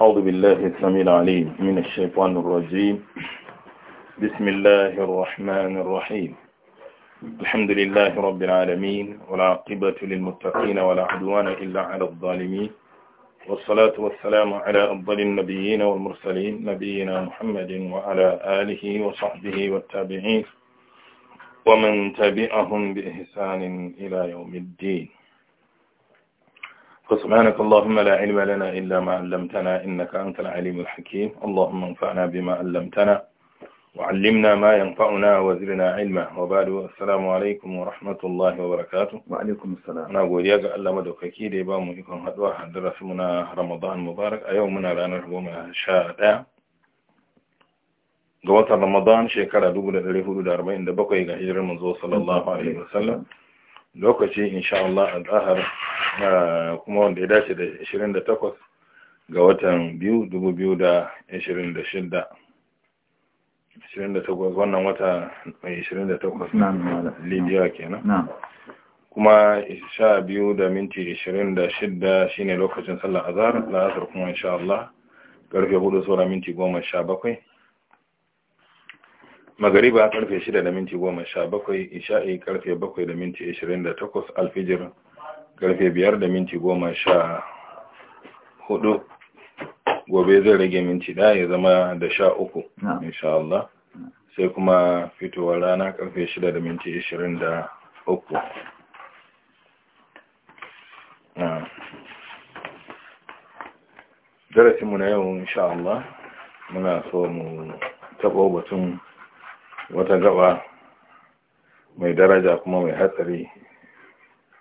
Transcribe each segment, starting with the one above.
أعوذ بالله السميع العليم من الشيطان الرجيم بسم الله الرحمن الرحيم الحمد لله رب العالمين والعاقبة للمتقين ولا عدوان إلا على الظالمين والصلاة والسلام على أفضل النبيين والمرسلين نبينا محمد وعلى آله وصحبه والتابعين ومن تبعهم بإحسان إلى يوم الدين فسبحانك اللهم لا علم لنا إلا ما علمتنا إنك أنت العليم الحكيم اللهم انفعنا بما علمتنا وعلمنا ما ينفعنا وزرنا علما وبعد السلام عليكم ورحمة الله وبركاته وعليكم السلام أنا أقول يا الله مدوككي دي بامو يكون هدوى حدرس منا رمضان مبارك أيومنا لأنا ربو من شاء ga watan Ramadan shekara 1447 ga hijirar manzo sallallahu alaihi wasallam lokaci insha Allah al-ahar kuma wanda ya dace da 28 ga watan 2026 28 wannan wata mai 28 na libya kenan kuma sha biyu da minti 26 shine lokacin sallar azhar la'asar kuma insha Allah karfe 4 saura minti 17 magariba karfe shida da minti goma sha bakwai isha'i karfe bakwai da minti ashirin da takwas alfijir karfe biyar da minti goma sha hudu gobe zai rage minti daya ya zama da sha uku insha Allah sai kuma fitowar rana karfe shida da minti ashirin da uku darasinmu na yau insha Allah muna so mu taɓo batun wata gaba mai daraja kuma mai hatsari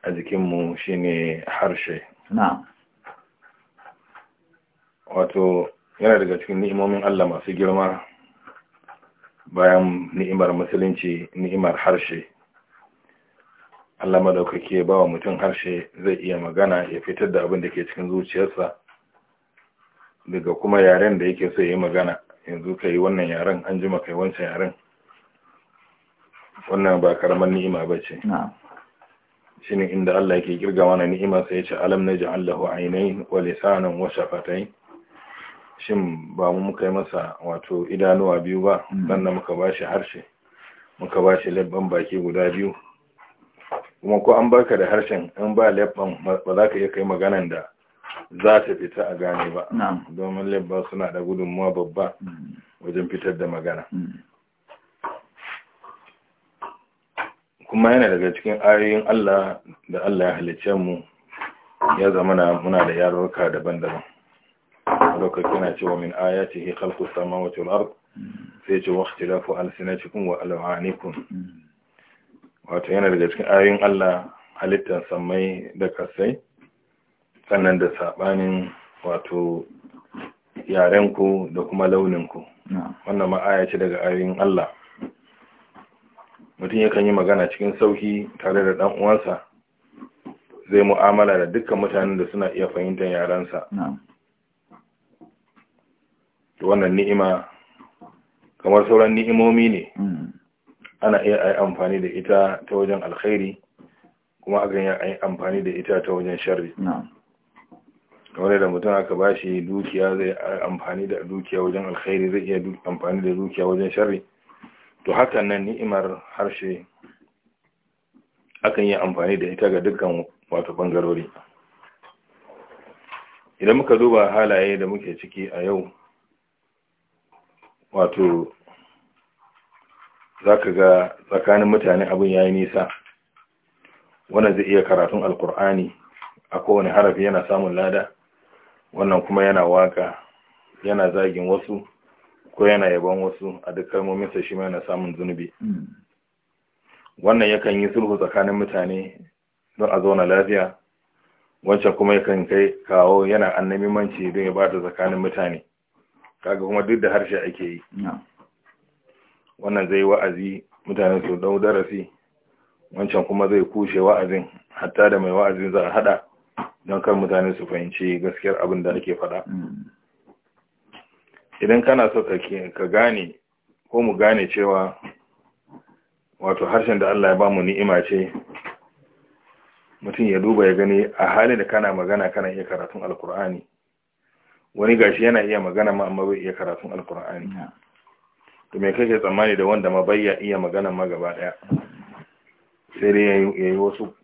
a jikinmu shine harshe wato yana daga cikin ni'imomin Allah masu girma bayan ni'imar musulunci ni'imar harshe Allah madaukake ya wa mutum harshe zai iya magana ya fitar da abin da ke cikin zuciyarsa daga kuma yaren da yake so ya yi magana yanzu ka yi wannan yaren an jima kai wancan yaren wannan ba karamar ni'ima ba ce shine inda Allah ke kirga wani ni'ima sai ya ce alam naj'al lahu aynayn wa lisanan wa shafatai shin ba mu muka yi masa wato idanuwa biyu ba hmm. sannan muka ba shi harshe muka ba shi labban baki guda biyu kuma ko an baka da harshen in ba labban ba za ka iya kai maganan da za ta fita a gane ba domin labban suna da gudunmuwa babba hmm. wajen fitar da magana hmm. kuma yana daga cikin ayoyin Allah da Allah ya halicce mu ya zama muna da yarurruka daban-daban lokacin yana cewa min ayatihi khalqu samawati wal ard sai ce wa ikhtilafu alsinatikum wa alwanikum wato yana daga cikin ayoyin Allah halittar samai da kasai sannan da sabanin wato yarenku da kuma launinku wannan ma aya daga ayoyin Allah mutum yakan yi magana cikin sauki tare da dan uwansa zai mu'amala da dukkan mutanen da suna iya fahimtar yaransa to wannan ni'ima kamar sauran ni'imomi ne mm. ana iya ai amfani da ita ta wajen alkhairi kuma akan yi ai amfani da ita ta wajen sharri kamar da mutum aka bashi dukiya zai amfani da dukiya wajen alkhairi zai iya amfani da dukiya wajen sharri to hakan nan ni'imar harshe akan yi amfani da ita ga dukkan wato bangarori idan muka duba halaye da muke ciki a yau wato za ka ga tsakanin mutane abin ya yi nisa wannan zai iya karatun alkur'ani a kowane harafi yana samun lada wannan kuma yana waka yana zagin wasu ko yana yaban wasu a duk kalmominsa shi yana samun zunubi mm. wannan yakan yi sulhu tsakanin mutane don a zauna lafiya wancan kuma yakan kai kawo yana annabi manci don ya bata tsakanin mutane kaga kuma duk da harshe ake yi wannan zai wa'azi mutane su dau darasi wancan kuma zai kushe wa'azin hatta da mai wa'azi za a hada don kar mutane su fahimci gaskiyar abin da ake faɗa. Mm. idan kana so ka gane ko mu gane cewa wato harshen da Allah ya ba mu ni'ima ce mutum ya duba ya gani a halin da kana magana kana iya karatun alkur'ani wani gashi yana iya magana ma amma bai iya karatun alkur'ani to me kake tsammani da wanda ma bai iya magana ma gaba daya sai dai yayi wasu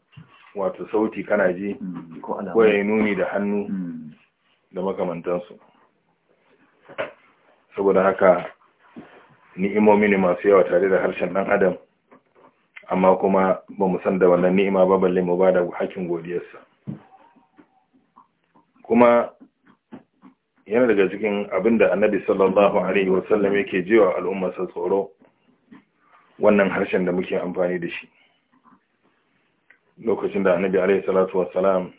wato sauti kana ji mm, ko yayi nuni da hannu mm. da makamantansu saboda haka ni'imomi ne masu yawa tare da harshen ɗan adam amma kuma ba mu san da wannan ni'ima ba balle mu ba da hakkin godiyarsa kuma yana daga cikin abin da annabi sallallahu alaihi wasallam yake jewa al'ummarsa tsoro wannan harshen da muke amfani da shi lokacin da annabi alaihi salatu wasalam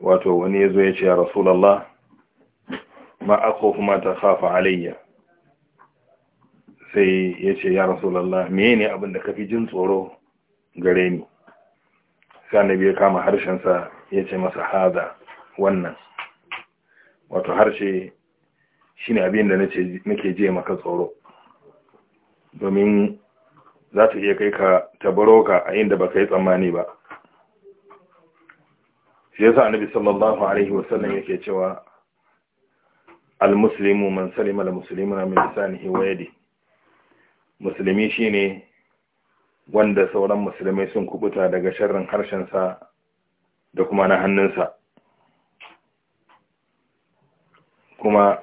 wato wani ya zo ya ce ya rasulallah ma akhofu ma takhafa alayya sai yace ya rasulullah menene abin da kafi jin tsoro gare ni sai annabi ya kama harshen sa yace masa hada wannan wato harshe shine abin da nace nake je maka tsoro domin za ta iya kai ka tabaroka a inda baka yi tsammani ba shi sa annabi sallallahu alaihi wasallam yake cewa al-muslimu man salima al-muslimuna min lisanihi wa musulmi shine wanda sauran musulmai sun kubuta daga sharrin harshen sa da kuma na sa kuma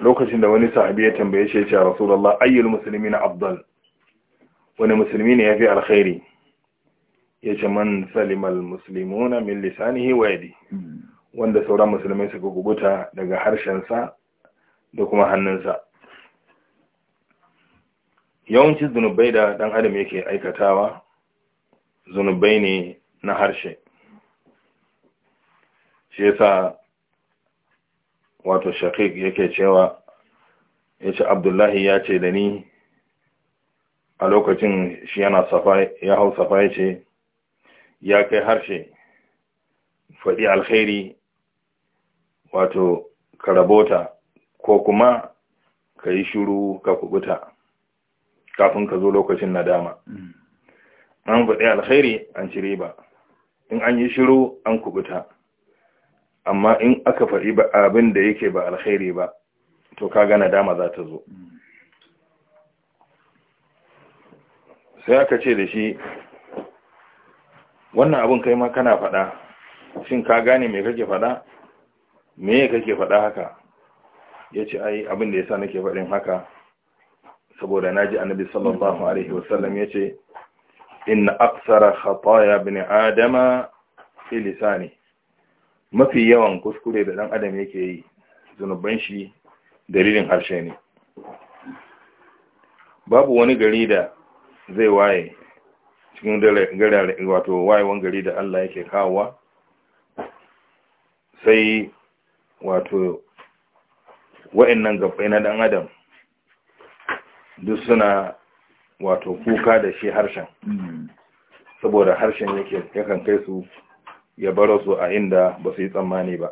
lokacin da wani sahabi ya tambaye shi ya rasulullah ayyul muslimina afdal wani musulmi ne yafi alkhairi yace man salimal muslimuna min lisanihi wa yadihi wanda sauran musulmai suka kubuta daga harshensa da kuma hannunsa yawancin zunubai da ɗan adam yake aikatawa zunubai ne na harshe shi yasa wato shaqiq yake cewa yace abdullahi ya ce da ni a lokacin shi yana ya hau safa yace ya kai harshe faɗi alkhairi wato ka rabota ko kuma ka yi shuru ka kubuta kafin ka zo lokacin nadama mm. an faɗi alkhairi an ci riba in an yi shiru an kubuta amma in aka faɗi ba abin da yake ba alkhairi ba to kaga dama za ta zo mm. sai aka ce da shi wannan abin kai ma kana faɗa shin ka gane mai kake faɗa me ya kake faɗa haka ya ce ai abin da yasa nake faɗin haka saboda na ji annabi sallallahu alaihi wasallam ya ce inna aksara khataya bin adama fi lisani mafi yawan kuskure da ɗan adam yake yi zunuban shi dalilin harshe ne babu wani gari da zai waye cikin gari wato wayewan gari da Allah yake kawowa sai wato wa'annan gabbai na dan adam duk suna wato kuka da shi harshen saboda harshen yake yakan kai su ya baro su a inda ba su yi tsammani ba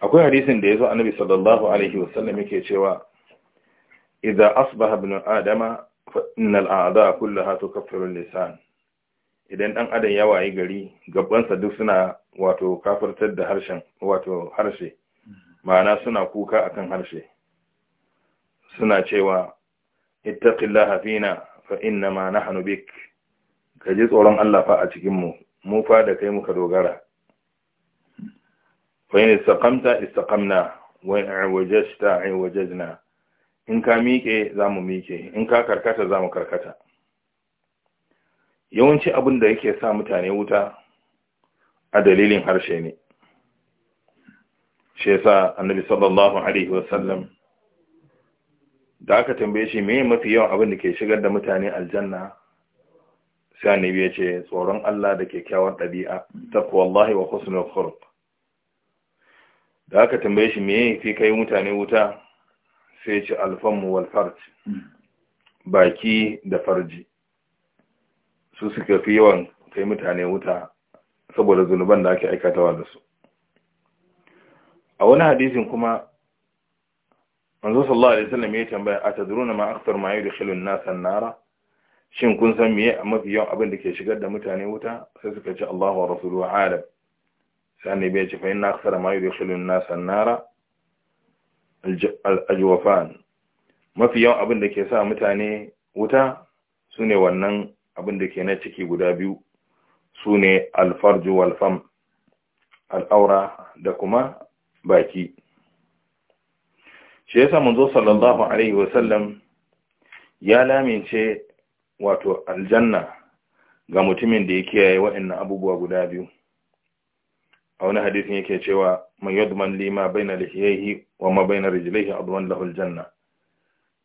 akwai hadisin da ya zo annabi sallallahu alaihi wasallam yake cewa idza asbaha ibn adama fa innal a'da kullaha tukaffiru lisan idan dan adam ya wayi gari gabansa duk suna wato kafartar da harshen wato harshe ma'ana suna kuka akan harshe suna cewa ittaqillaha fina fa inna ma nahnu bik ka tsoron Allah fa a cikin mu mu fa da kai muka dogara fa in istaqamta istaqamna wa in awajasta awajna in ka miƙe za mu miƙe in ka karkata za karkata yawanci abin da yake sa mutane wuta a dalilin harshe ne shi yasa annabi sallallahu alaihi wasallam da aka tambaye shi me mafi yawan abin da ke shigar da mutane aljanna sai annabi ya ce tsoron Allah da kyakkyawar ɗabi'a taqwallahi wa husnul khuluq da aka tambaye shi me fi kai mutane wuta sai ya ce alfamu wal farj baki da farji su suka fi yawan kai mutane wuta saboda zunuban da ake aikatawa da su a wani hadisin kuma manzo sallallahu alaihi wasallam ya tambaya atadruna ma akthar ma yudkhilu an-nas an-nara shin kun san meye mafi yawan abin da ke shigar da mutane wuta sai suka ce Allahu wa rasuluhu alam sai annabi ya ce fa inna akthara ma yudkhilu an-nas an-nara al-ajwafan mafi yawan abin da ke sa mutane wuta sune wannan abin da ke na ciki guda biyu su ne alfarju walfam al'aura da kuma baki shi yasa manzo sallallahu alaihi wasallam ya lamince wato aljanna ga mutumin da ya kiyaye waɗannan abubuwa guda biyu a wani hadisin yake cewa man yadman lima baina lihiyaihi wa ma baina rijlaihi adwan lahu aljanna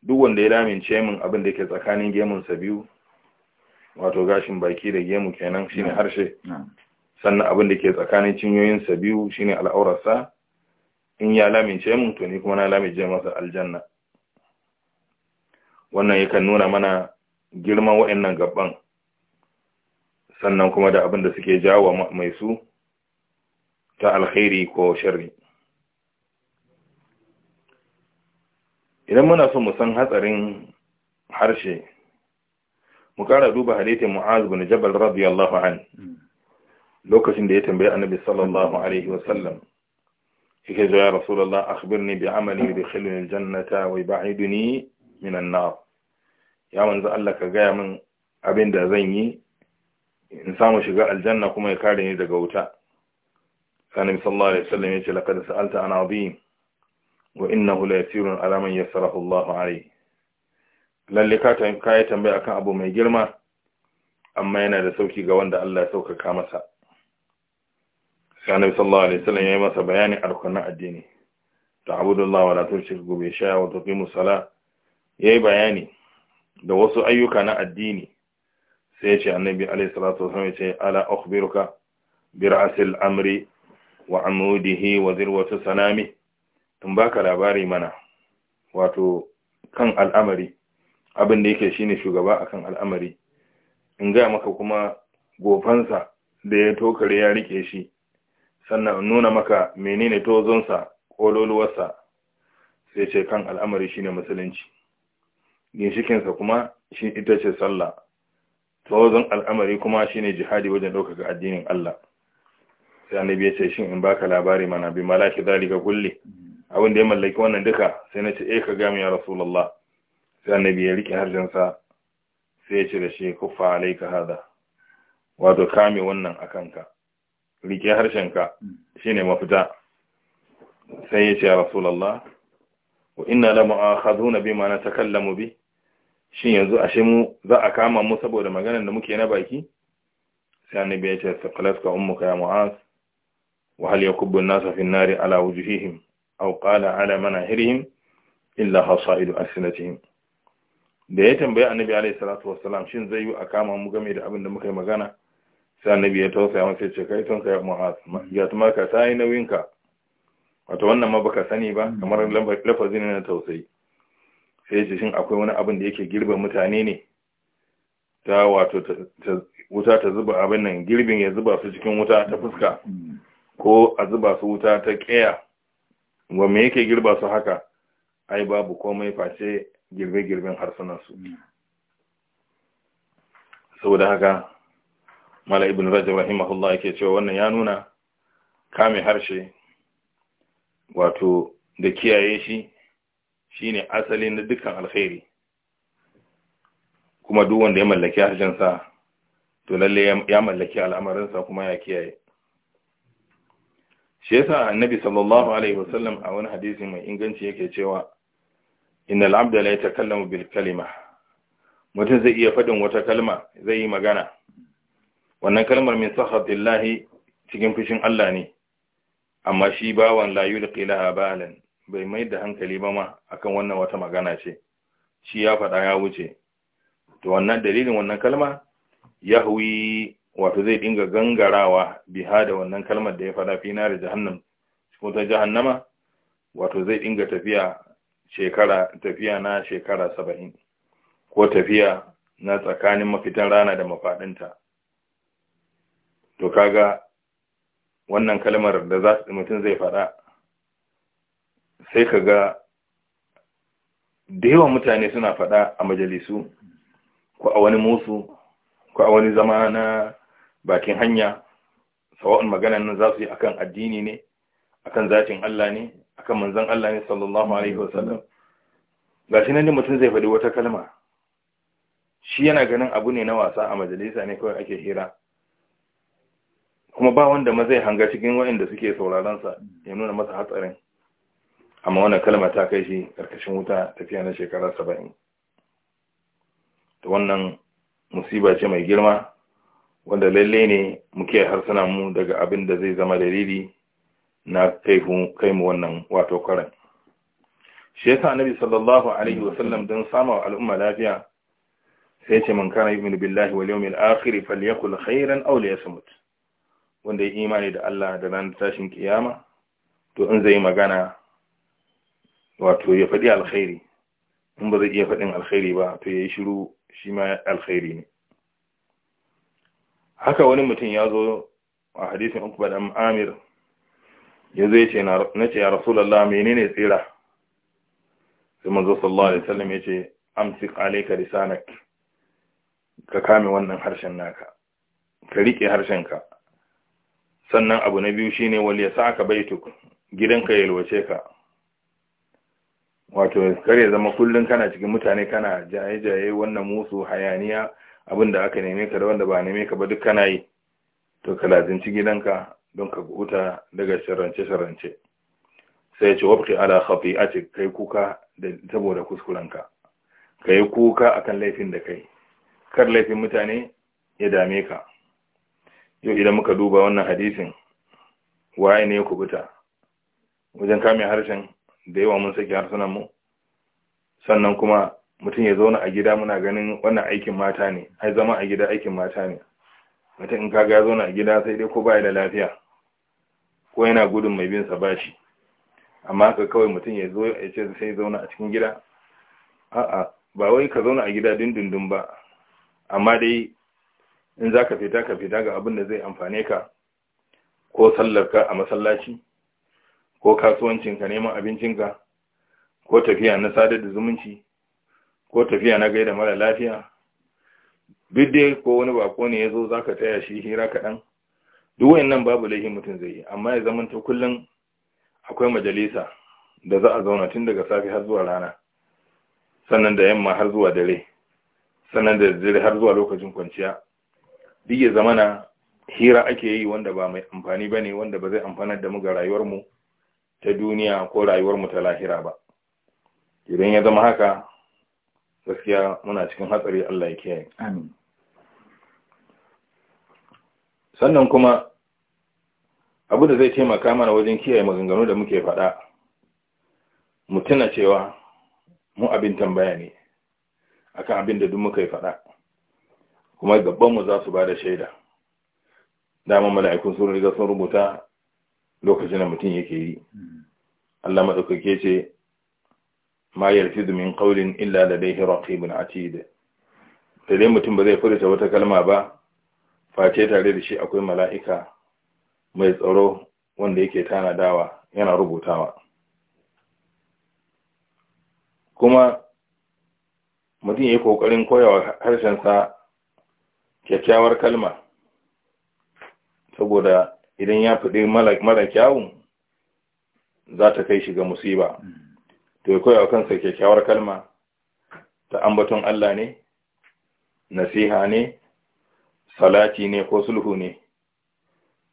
duk wanda ya lamince min abin da yake tsakanin gemunsa biyu wato gashin baki da gemu kenan shine harshe sannan abin da ke tsakanin cinyoyinsa biyu shine al'aurarsa in ya lamince mu to ni kuma na lamince masa aljanna wannan yakan nuna mana girman waɗannan gaban sannan kuma da abin da suke jawo mai su ta alkhairi ko sharri idan muna so mu san hatsarin harshe mu kara duba hadisin mu'az bin jabal radiyallahu an lokacin da ya tambaye annabi sallallahu alaihi wa sallam yake zo ya rasulullah akhbirni bi amali yudkhiluni aljannata wa yub'iduni min an-nar ya manzo Allah ka gaya min abin da zan yi in samu shiga aljanna kuma ya kare ni daga wuta annabi sallallahu alaihi wa sallam yace laqad sa'alta an azim wa innahu la yasirun ala man yasarahu Allah alaihi lalle ka kayi tambaya akan abu mai girma amma yana da sauki ga wanda Allah ya saukaka masa sanar sallallahu alaihi wasallam yayi masa bayani arkanin addini ta abudullah wa la tushriku bi shay'in wa tuqimu salat yayi bayani da wasu ayyuka na addini sai ya ce annabi alaihi salatu wasallam ya ce ala akhbiruka bi ra'sil amri wa amudihi wa zirwatu sanami tun baka labari mana wato kan al'amari abin da yake shine shugaba akan al'amari in ga maka kuma gofansa da ya tokare ya rike shi sannan in nuna maka menene tozonsa kololuwarsa sai ce kan al'amari shine musulunci ginshikinsa kuma shi ita ce sallah tozon al'amari kuma shine jihadi wajen ɗaukaka addinin Allah sai annabi ya ce shin in baka labari mana bi malaki zalika kulli abin da ya mallaki wannan duka sai na ce eh ka ga mu ya rasulullah sai annabi ya rike harjansa sai ya ce da shi kuffa alaika hada wato kame wannan akanka rike harshenka ne mafita sai ya ce a rasulallah wa inna la mu'akhadhuna bima natakallamu bi shin yanzu ashe mu za a kama mu saboda maganar da muke na baki sai annabi ya ce saqalatka ummuka ya mu'az wa hal yakubbu nasa fi nari ala wujuhihim aw qala ala manahirihim illa hasaidu asnatihim da ya tambayi annabi alayhi salatu wassalam shin zai yi a kama mu game da abin da muka yi magana sai annabi ya tausaya masa ce kai son kai mu'az ya tuma ka sai nauyin ka wato wannan ma baka sani ba kamar lafazin na tausayi sai ya ce shin akwai wani abin da yake girbe mutane ne ta wato wuta ta zuba abin nan girbin ya zuba su cikin wuta ta fuska ko a zuba su wuta ta ƙeya wa me yake girba su haka ai babu komai face girbe-girben harsunansu hmm. saboda haka mala ibn rajab rahimahullah yake cewa wannan ya nuna kame harshe wato da kiyaye shi shine asalin na dukkan alkhairi kuma duk wanda ya mallaki harshensa to lalle ya mallaki al'amarinsa kuma ya kiyaye shi yasa annabi sallallahu alaihi wasallam a wani hadisi mai inganci yake cewa innal abda la yatakallamu bil kalima mutum zai iya faɗin wata kalma zai yi magana wannan kalmar min sakhatillahi cikin fushin Allah ne amma shi bawan la yulqi laha balan bai mai da hankali ba ma akan wannan wata magana ce shi ya faɗa ya wuce to wannan dalilin wannan kalma yahwi wato zai dinga gangarawa biha da wannan kalmar da ya faɗa fi nari jahannam cikin ta jahannama wato zai dinga tafiya shekara tafiya na shekara saba'in ko tafiya na tsakanin mafitan rana da mafaɗinta to kaga wannan kalmar da za su mutum zai faɗa sai kaga ga da yawan mutane suna faɗa a majalisu ko a wani musu ko a wani zama na bakin hanya sawa'un maganan nan za su yi akan addini ne akan zatin Allah ne akan manzon Allah ne sallallahu alaihi wasallam gashi nan ne mutum zai faɗi wata kalma shi yana ganin abu ne na wasa a majalisa ne kawai ake hira kuma ba wanda ma zai hanga cikin waɗanda suke sauraron sa ya nuna masa hatsarin amma wannan kalma ta kai shi karkashin wuta tafiya na shekara 70 to wannan musiba ce mai girma wanda lalle ne muke harsuna mu daga abin da zai zama dalili na kai mu wannan wato karan shi yasa annabi sallallahu alaihi wasallam don sama wa al'umma lafiya sai ce man kana yu'minu billahi wal yawmil akhir falyakul khairan aw liyasmut wanda ya imani da Allah da ranar tashin kiyama to in zai magana wato ya faɗi alkhairi in ba zai iya faɗin alkhairi ba to ya yi shiru shi ma alkhairi ne haka wani mutum ya zo a hadisin uku ba amir ya ya ce na ce ya rasulallah menene tsira sai manzo sallallahu alaihi wasallam ya ce amsik alayka lisanak ka kame wannan harshen naka ka rike harshen ka sannan abu na biyu shine wal yasaka baituk gidanka ya lwace ka wato kare zama kullun kana cikin mutane kana jaye-jaye wannan musu hayaniya abinda aka neme ka da wanda ba neme ka ba duk kana yi to ka lazinci gidanka don ka huta daga sharance-sharance sai ce wabki ala khati'atik kai kuka saboda kuskurenka kai kuka akan laifin da kai kar laifin mutane ya dame ka yau idan muka duba wannan hadisin waye ne ya kubuta wajen kame harshen da yawa mun saki harsunan mu sannan kuma mutum ya zauna a gida muna ganin wannan aikin mata ne ai zama a gida aikin mata ne mutum in kaga ya zauna a gida sai dai ko baya da lafiya ko yana gudun mai bin sa bashi amma haka kawai mutum ya zo ya ce sai zauna a cikin gida a'a ba wai ka zauna a gida dindindin ba amma dai in za ka fita ka fita ga abin da zai amfane ka ko sallar ka a masallaci ko kasuwancinka neman abincinka ko tafiya na sadar da zumunci ko tafiya na gaida mara lafiya duk dai ko wani bako ne ya zo za ka taya shi hira kaɗan duk nan babu laihin mutum zai yi amma ya zamanta kullum akwai majalisa da za a zauna tun daga safe har zuwa rana sannan da yamma har zuwa dare sannan da dare har zuwa lokacin kwanciya duk ya zama na hira ake yi wanda ba mai amfani bane wanda ba zai amfanar da mu ga rayuwarmu ta duniya ko rayuwar mu ta lahira ba idan ya zama haka gaskiya muna cikin hatsari Allah ya kiyaye amin sannan kuma abu da zai taimaka mana wajen kiyaye maganganu da muke faɗa mu tuna cewa mu abin tambaya ne akan abin da duk muka yi faɗa kuma gabanmu za su ba da shaida dama mala'ikun sun riga sun rubuta lokacin da mutum yake yi Allah maɗaukake ce ma yarfi min qawlin illa ladayhi raqibun atid dai mutum ba zai furta wata kalma ba face tare da shi akwai mala'ika mai tsaro wanda yake tanadawa yana rubutawa kuma mutum ya yi ƙoƙarin koyawa harshensa kyakkyawar kalma saboda idan ya fi mara kyawun za ta kai shi ga musiba to ya koyawa kansa kyakkyawar kalma ta ambaton Allah ne nasiha ne salati ne ko sulhu ne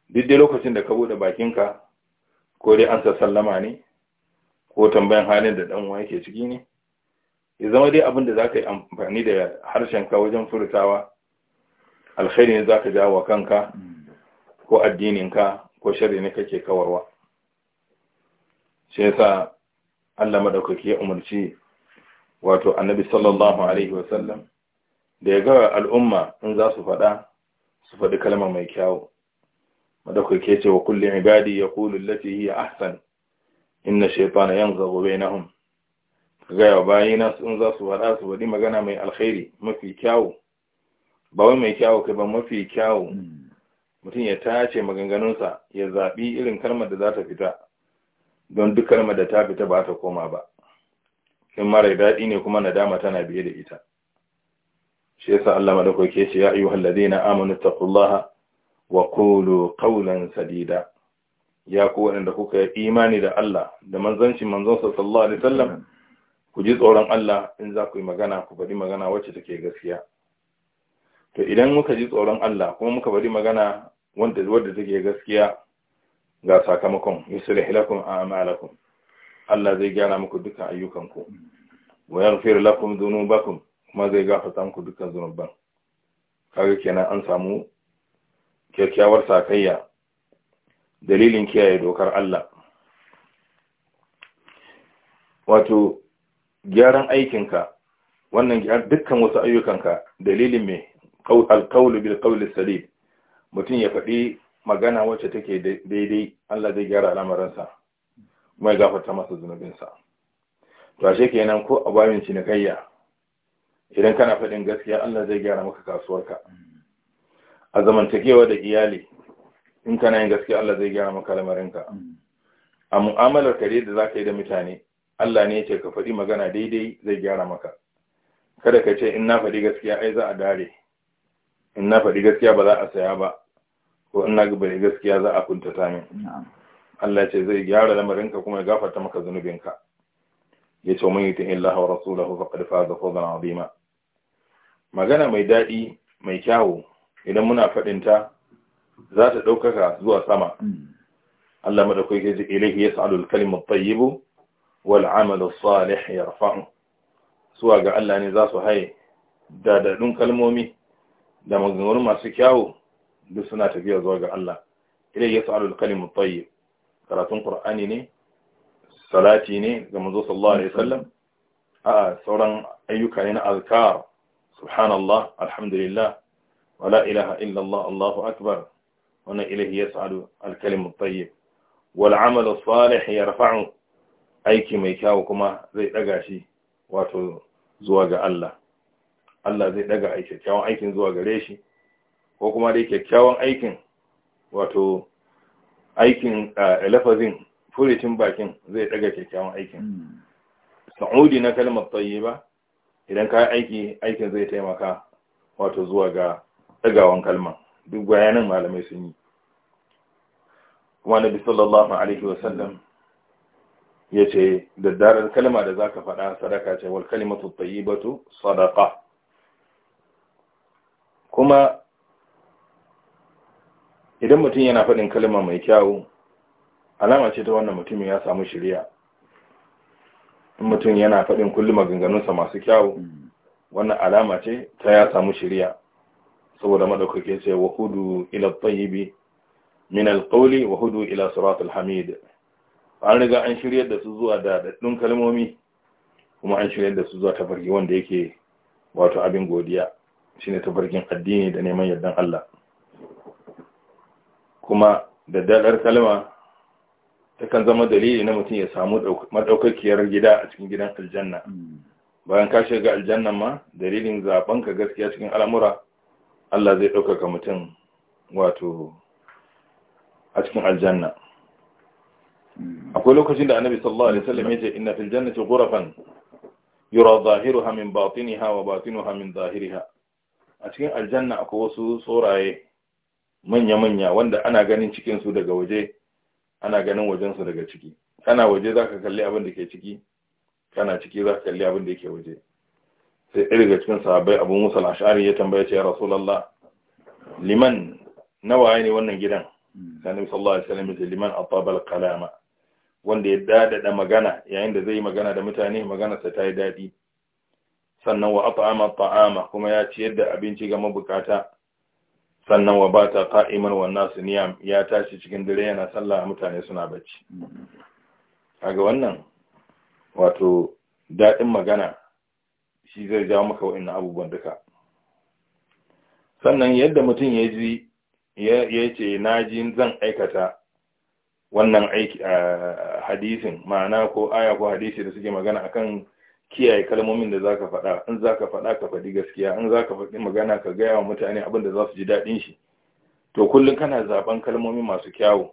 duk dai lokacin da ka bude bakinka ko dai an sallama ne ko tambayan halin da dan uwa yake ciki ne ya zama dai abin da zaka yi amfani da harshenka wajen furtawa alkhairi ne zaka jawo kanka ko addininka ko sharri ne kake kawarwa shi yasa Allah maɗaukaki ya umarci wato annabi sallallahu alaihi wasallam da ya ga al'umma in za su faɗa su faɗi kalma mai kyawu madaukake ce wa kullum ibadi ya kulu lati hiya ahsan inna shaytana na bainahum ka gaya bayina in za su faɗa su faɗi magana mai alkhairi mafi kyawu ba wai mai kyawu kai ba mafi kyawu mutum ya tace maganganunsa ya zaɓi irin kalmar da za ta fita don duk kalmar da ta fita ba ta koma ba in mara daɗi ne kuma nadama tana biye da ita shi yasa Allah madaukake shi ya ayyuhal ladina amanu taqullaha wa qulu qawlan sadida ya ku wanda kuka yi imani da Allah da manzanci manzonsa, sallallahu alaihi wasallam ku ji tsoron Allah in za ku yi magana ku bari magana wacce take gaskiya to idan muka ji tsoron Allah kuma muka bari magana wanda take gaskiya ga sakamakon yuslih lakum a'malakum Allah zai gyara muku dukkan ayyukanku wa yaghfir lakum dhunubakum kuma zai gafata muku dukkan zunuban kaga kenan an samu kyakkyawar sakayya dalilin kiyaye dokar Allah wato gyaran aikinka wannan dukkan wasu ayyukanka dalilin mai alkaulu bil kauli salim mutum ya faɗi magana wacce take daidai Allah zai gyara al'amuransa kuma ya gafarta masa zunubinsa to ashe kenan ko a babin cinikayya idan kana faɗin gaskiya Allah zai gyara maka kasuwarka a zamantakewa da iyali in kana yin gaskiya Allah zai gyara maka lamarinka a mu'amalar kare da za ka yi da mutane Allah ne ce ka faɗi magana daidai zai gyara maka kada ka ce in na faɗi gaskiya ai za a dare in na faɗi gaskiya ba za a saya ba ko in na gaba gaskiya za a kuntata min Allah ce zai gyara lamarinka kuma ya gafarta maka zunubinka yace mun yi ta illaha wa rasulahu faqad faza fawzan azima magana mai daɗi mai kyawu idan muna faɗinta za ta ɗaukaka zuwa sama Allah madaukaki ya ji ilaihi ya sa'alul kalimar tayyibu wal amalu salih ya rafa'u suwa ga Allah ne za su haye da daɗin kalmomi da maganganu masu kyawu duk suna tafiya zuwa ga Allah ilaihi ya sa'alul kalimar tayyib karatun Qur'ani ne salati ne ga manzo sallallahu alaihi wasallam a sauran ayyuka ne na azkar subhanallah alhamdulillah wa la ilaha illallah allahu akbar wannan ilahi ya sa'adu alkalimun tsayyib wal amalu salih ya rafa'u aiki mai kyawu kuma zai daga shi wato zuwa ga Allah Allah zai daga aiki kyakkyawan aikin zuwa gare shi ko kuma dai kyakkyawan aikin wato aikin eh, lafazin furitin bakin zai daga kyakkyawan aikin hmm. sa'udi na kalmar tayyiba idan ka aiki aikin zai taimaka wato zuwa ga ɗagawan kalma duk bayanan malamai sun yi kuma nabi sallallahu alaihi wasallam ya ce daddarar kalma da za ka faɗa sadaka ce wal kalimatu tayyibatu sadaka kuma idan mutum yana faɗin kalma mai kyawu alama ce ta wannan mutumin ya samu shirya in mutum yana faɗin kullum maganganunsa masu kyawu wannan alama ce ta ya samu shirya saboda madaukake ce wa hudu ila tsayibi min alƙauli wa hudu ila suratul hamid an riga an shirya da su zuwa da daɗin kalmomi kuma an shirya da su zuwa tafarki wanda yake wato abin godiya shine tafarkin addini da neman yardan Allah kuma da daɗar kalma takan zama dalili na mutum ya samu madaukakiyar gida a cikin gidan aljanna hmm. bayan ka shiga aljanna ma dalilin zaben ka gaskiya cikin al'amura Allah zai ɗaukaka mutum wato a cikin aljanna hmm. akwai lokacin da annabi sallallahu alaihi wasallam ya ce inna fil jannati ghurafan yura zahiruha min batiniha wa batinuha min zahiriha a cikin aljanna akwai wasu tsoraye manya-manya wanda ana ganin cikin su daga waje ana ganin wajensu daga ciki kana waje za ka kalli abin da ke ciki kana ciki za ka kalli abin da yake waje sai iri ga cikin sahabbai abu musa al'ashari ya tambaya ce ya rasulallah liman nawa ne wannan gidan musa hmm. allah ya wasallam ce liman atabal kalama wanda ya dadada magana yayin da zai yi magana da mutane maganarsa ta yi daɗi sannan wa ata'ama ta'ama kuma ya ciyar da abinci ga mabukata sannan wa bata ƙa'imar wa nasu niyam ya tashi cikin dare yana sallah mutane suna bacci kaga wannan wato daɗin magana shi zai jawo maka wa'annan abubuwan duka sannan yadda mutum ya ji ya ce na ji zan aikata wannan aiki ah, hadisin ma'ana ko aya ko hadisi da suke magana akan kiyaye kalmomin da zaka faɗa in zaka faɗa ka faɗi gaskiya in zaka faɗi magana ka gaya wa mutane abin da za su ji daɗin shi to kullum kana zaben kalmomi masu kyawu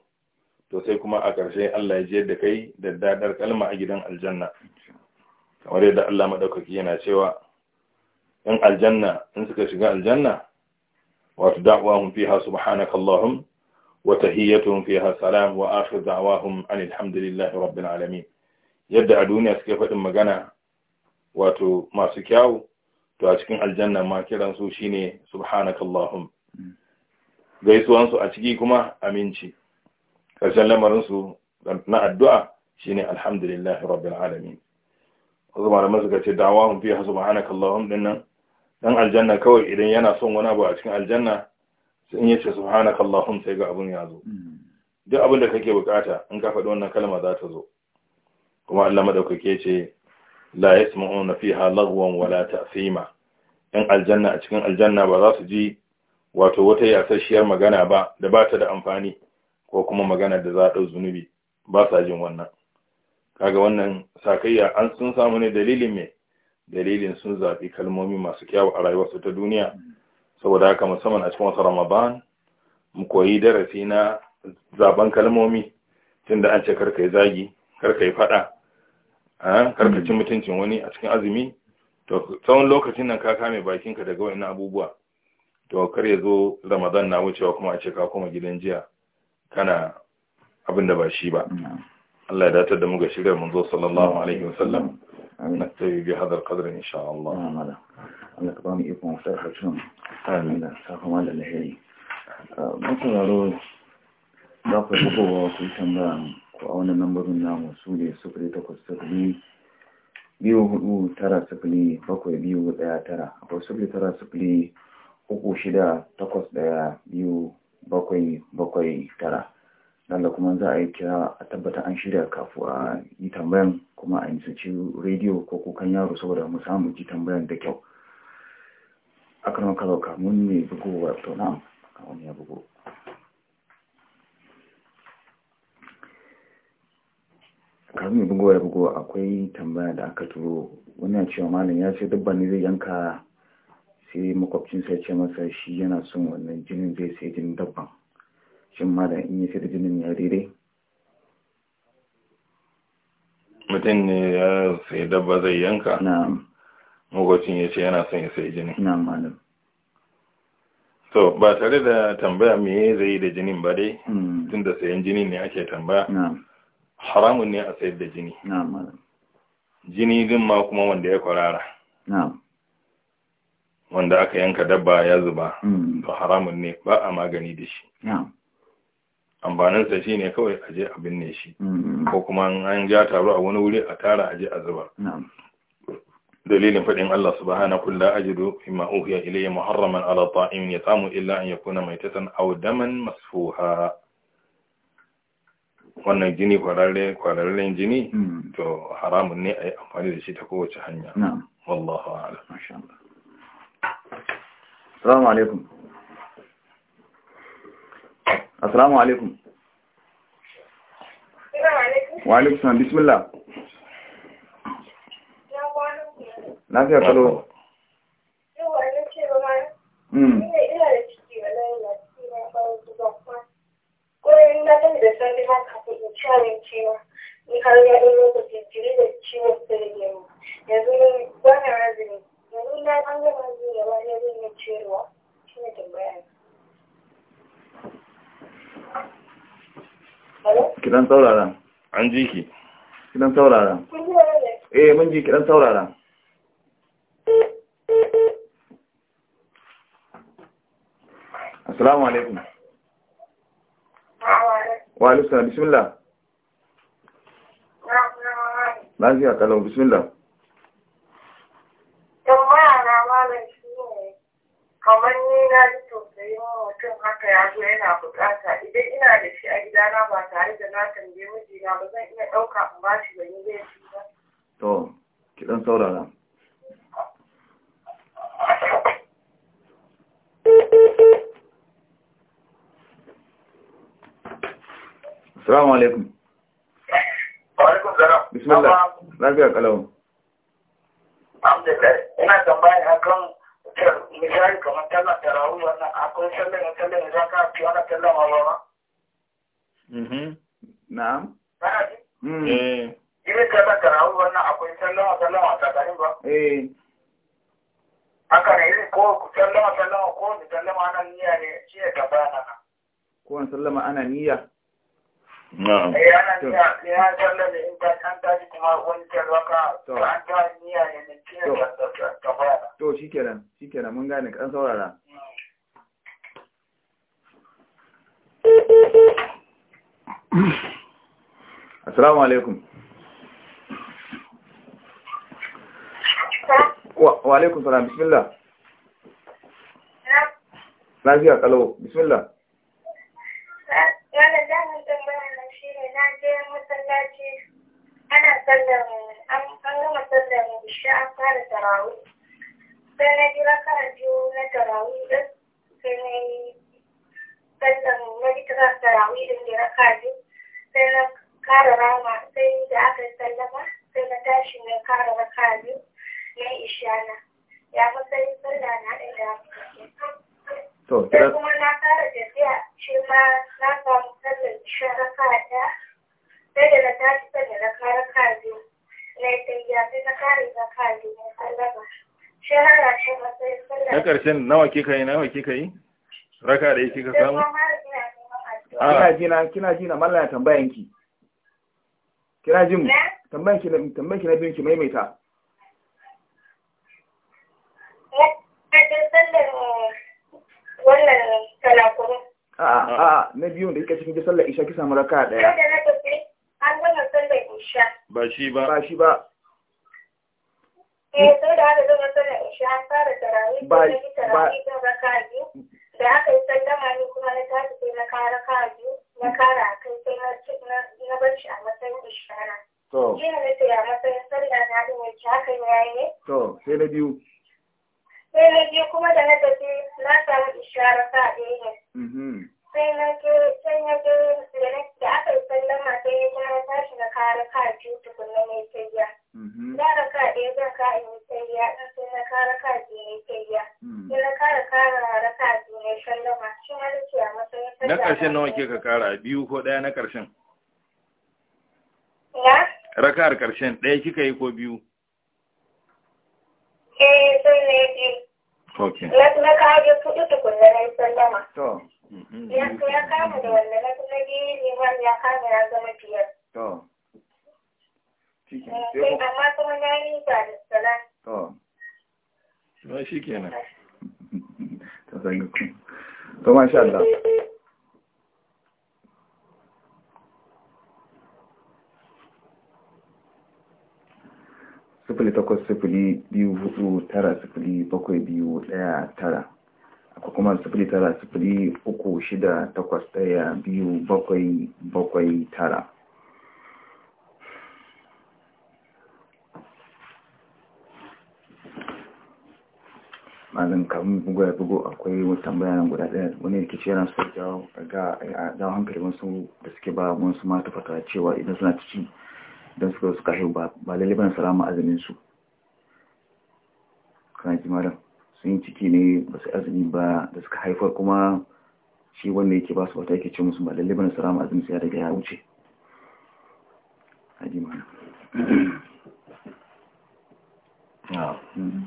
to sai kuma a ƙarshe Allah ya jiyar da kai da dadar kalma a gidan aljanna kamar yadda Allah madaukaki yana cewa in aljanna in suka shiga aljanna wato da'wahum fiha subhanaka allahum wa tahiyyatuhum fiha salam wa akhir da'wahum alhamdulillahi rabbil alamin yadda a duniya suke faɗin magana wato masu kyawu to a cikin aljanna ma kiran su shine subhanakallahum mm. gaisuwan su a ciki kuma aminci karshen lamarin su na addu'a shine alhamdulillahi rabbil alamin wasu malaman gace ce mun fi subhanakallahum dinnan dan aljanna kawai idan yana son wani abu a cikin aljanna sai in yace subhanakallahum sai ga abun ya zo mm. duk abin da kake bukata in ka faɗi wannan kalma za ta zo kuma Allah madaukake ce la yasma'una fiha lagwan wala ta'sima Yan aljanna a cikin aljanna ba za su ji wato wata yasasshiyar magana ba da ba ta da amfani ko kuma magana da za zunubi ba sa jin wannan kaga wannan sakayya an sun samu ne dalilin mai. dalilin sun zaɓi kalmomi masu kyau a rayuwarsu ta duniya saboda haka musamman a cikin wasu ramadan mu koyi darasi na zaban kalmomi tunda an ce kar ka yi zagi kar ka yi faɗa A karkacin mm. mutuncin wani a cikin azumi to tsawon lokacin nan ka kame bakinka daga wani abubuwa to kar ya zo ramadan na wucewa kuma a ce ka koma gidan jiya kana abin da ba shi ba mm. Allah ya datar da mu ga shigar zo sallallahu mm. alaihi wasallam نكتفي بهذا القدر إن شاء الله أمين أنا كباني إيكم وفتح حسن أمين ساكم على الهي مطلع رو داقل ku وكل tambaya to a wani lambarin namu su ne sufuri takwas sufuri biyu hudu tara sufuri bakwai biyu daya tara akwai sufuri tara sufuri uku shida takwas daya biyu bakwai bakwai tara da kuma za a yi kira a tabbata an shirya kafu a yi tambayan kuma a nisanci rediyo ko kukan yaro saboda mu samu ji tambayan da kyau a kanon kalau kamun ne bugowa to na kamun ya bugu. kafin bugu da bugu akwai tambaya da aka turo wannan cewa malam ya ce dabba ne zai yanka sai makwabcin sai ce masa shi yana son wannan jinin zai sai jinin dabban shin malam in ya sai da jinin ya daidai mutum ne ya sai dabba zai yanka na makwabcin ya ce yana son ya sai jinin Na malam so ba tare da tambaya me zai yi da jinin ba dai hmm. tun da sayan jinin ne ake tambaya na'am haramun ne a sayar da jini jini din ma kuma wanda ya kwarara wanda aka yanka dabba ya zuba mm. to haramun ne ba a magani da shi Ambaninsa shi ne kawai a je a binne shi mm-hmm. ko kuma an ja taru a wani wuri a tara a je a zuba. dalilin faɗin Allah hana subhanahu la ajidu mimma uhiya ilayya muharraman ala ya samu illa an mai tasan aw daman masfoha. wannan jini kwararren jini hmm. to haramun ne a yi amfani da shi ta kowace hanya wallahu ala assalamu alaikum assalamu alaikum wa salam bismillah lafiya kalo yau wa ce ba saurara eh mun ji kiɗan saurara assalamu alaikum wa alaikum bismillah lafiya kallon bismillah niyya ne jiya gabana na. Kowane sallama ana niyya? Na'am. Eh ana niyya ne ya sallame in ta an tashi kuma wani tarwaka to an ta niyya ne ne jiya gabana. To shikenan shikenan mun gane kan saurara. Assalamu alaikum. Wa alaikum salam bismillah. lafiya kalau bismillah wanda za mu tambaya na shi ne na je masallaci ana sallar an gama sallar isha an fara tarawu. sai na jira kara na tarawu din sai na yi sallar na ji ta tarawu din jira raka sai na kara rama sai da aka yi sallama sai na tashi na kara raka na na ishana ya sai sallah na ɗaya da To, sai kuma na fara tafiya shi ma na samu sallar isha raka ɗaya. Sai da na tashi sai da na kara kaji. Na yi tafiya sai na kare na kaji na sallama. Shi har na shi ma sai sallar. Na ƙarshen nawa kika yi nawa kika yi? Raka da kika samu? Kina ji na kina jina mallaya tambayan ki. Kina ji mu? Eh? Tambayan ki tambayan ki na biyun ki maimaita. Ya, eh, da wannan talakuru. A'a, na biyun da kika cikin ji sallar isha ki samu raka ɗaya. Yau da na tafi an gama sallar isha. Ba shi ba. Ba shi ba. Eh, sai da aka gama sallar isha an fara tarawih. Ba tarawih ɗin raka biyu. Da aka yi sallama ni kuma na tashi sai na kara raka biyu. Na kara a kai sai na bar shi a matsayin ishara. To. Jiya na ce a matsayin sallar na ɗin wacce hakan ya yi ne. To, sai na biyu. sai na je kuma da na tafi na samu ishara ta ɗaya mhm. sai na je sai na je da aka yi sallama sai ya ja na tashi na kara ka biyu tukunna mai tayya mhm. na da ka ɗaya zan ka in yi tayya in sai na kara ka biyu mai tayya mhm. sai na kara kara raka biyu mai sallama shi na da ce a matsayin sallama na ƙarshen nawa ke ka kara biyu ko ɗaya na ƙarshen raka'ar ƙarshen ɗaya kika yi ko biyu eh sun ne biyu na kawo kuɗi tukunna na sallama to ya kama da wanda na kuma biyu ya kama ya zama biyar to eh, amma kuma na yi ba da salam to to shi to to sifili takwas sifili biyu hudu tara sifili bakwai biyu ɗaya tara akwai kuma sifili tara sifili uku shida takwas ɗaya biyu bakwai bakwai tara malin kamun bugu ya bugu akwai wata bayanan guda ɗaya wani rikici yana so jawo ga jawo hankali wasu da suke ba wasu mata fata cewa idan suna ciki don suka suka haihu ba ba ban salama azumin su kana ji mara sun yi ciki ne ba su azumi ba da suka haifar kuma shi wanda yake ba su wata yake ce musu ba laliban salama azumin su ya daga ya wuce ji mara ah. mm-hmm.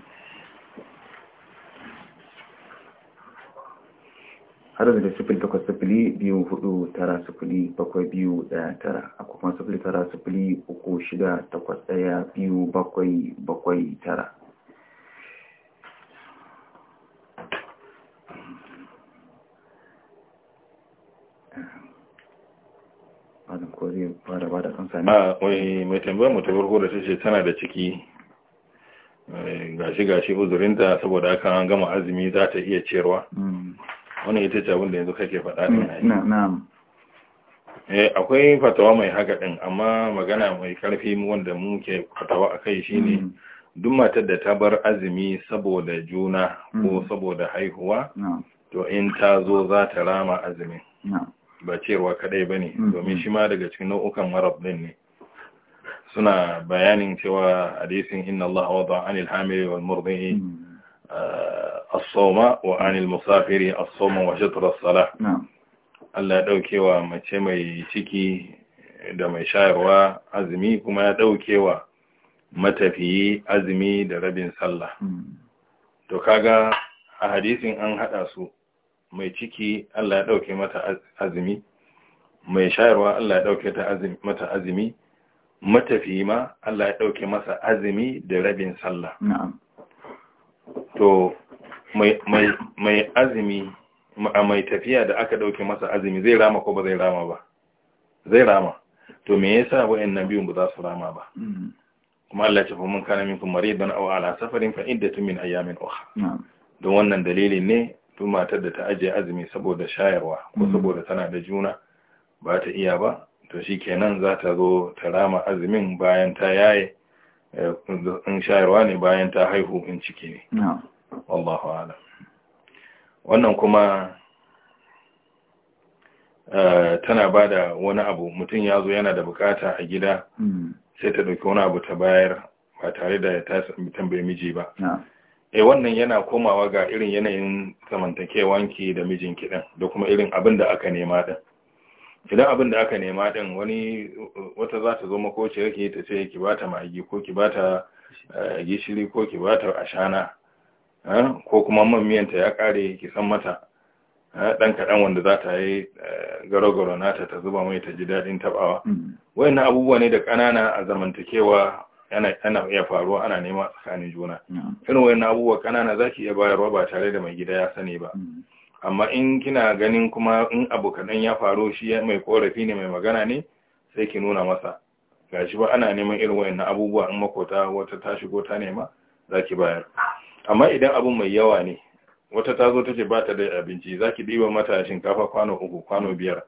har da sifili takwas sifili biyu hudu tara sifili bakwai biyu daya tara a kuma sifili tara sifili uku shida takwas daya biyu bakwai bakwai tara ba da a ah, wai mai tambayar mu ta farko da tace tana da ciki eh, gashi gashi uzurinta saboda haka an gama azumi za ta iya ciyarwa hmm. wannan ita ce abin da yanzu kake faɗa din na'am eh akwai fatawa mai haka din amma magana mai karfi wanda mu ke fatawa akai shine mm. duk matar da ta bar azumi saboda juna ko mm. saboda haihuwa to in ta zo za ta rama azumin ba cewa kadai bane mm. domin shi ma daga cikin nau'ukan marab ɗin ne suna bayanin cewa hadisin inna Allah wada anil hamil wal murdi الصوم وعن المسافر الصوم musafiri الصلاة نعم wa دوكي as Allah ya daukewa mace mai ciki da mai shayarwa azumi kuma ya daukewa matafiyi azumi da hadisin an haɗa su mai ciki Allah ya dauke mata azumi mai shayarwa Allah ya dauke ta azumi mata azumi matafiyi ma Allah ya dauke masa azumi da rabin sallah na'am wato mai azumi a mai tafiya da aka ɗauke masa azumi zai rama ko ba zai rama ba zai rama to me yasa wayannan biyun ba za su rama ba mm. kuma Allah ya fa mun kana minkum maridan aw ala safarin fa iddatu min ayamin ukha don wannan dalili ne to matar da ta ajiye azumi saboda shayarwa ko mm. saboda tana da juna ba ta iya ba to shikenan za ta zo ta rama azumin bayan ta yaye eh, in shayarwa ne bayan ta haihu in ciki ne wallahu alam wannan kuma eh, tana ba da wani abu mutum ya zo yana da bukata a gida hmm. sai ta ɗauki wani abu ta bayar ba tare da ta tambaye miji ba e wannan yana komawa ga irin yanayin zamantakewanki da mijin kiɗan, da kuma irin abin da aka nema ɗin idan abin da aka nema ɗin wani wata za ta zo makoci ki ta ce ki bata magi ko ki bata eh, gishiri ko ki bata ashana ko kuma man miyanta ya kare ki san mata dan kaɗan wanda za ta yi eh, garo-garo nata ta zuba mai ta ji daɗin taɓawa mm. wayannan abubuwa ne da ƙanana a zamantakewa yana iya faruwa ana nema tsakanin juna irin wayannan abubuwa ƙanana za ki iya bayarwa ba tare da mai gida ya sani ba mm. amma in kina ganin kuma in abu kaɗan ya faru shi mai korafi ne mai magana ne sai ki nuna masa gashi ba ana neman irin wayannan abubuwa in makota wata ta shigo ta nema za ki bayar amma idan abin mai yawa ne wata ta zo ta ce ba ta da abinci za ki ɗiba mata shinkafa kwano uku kwano biyar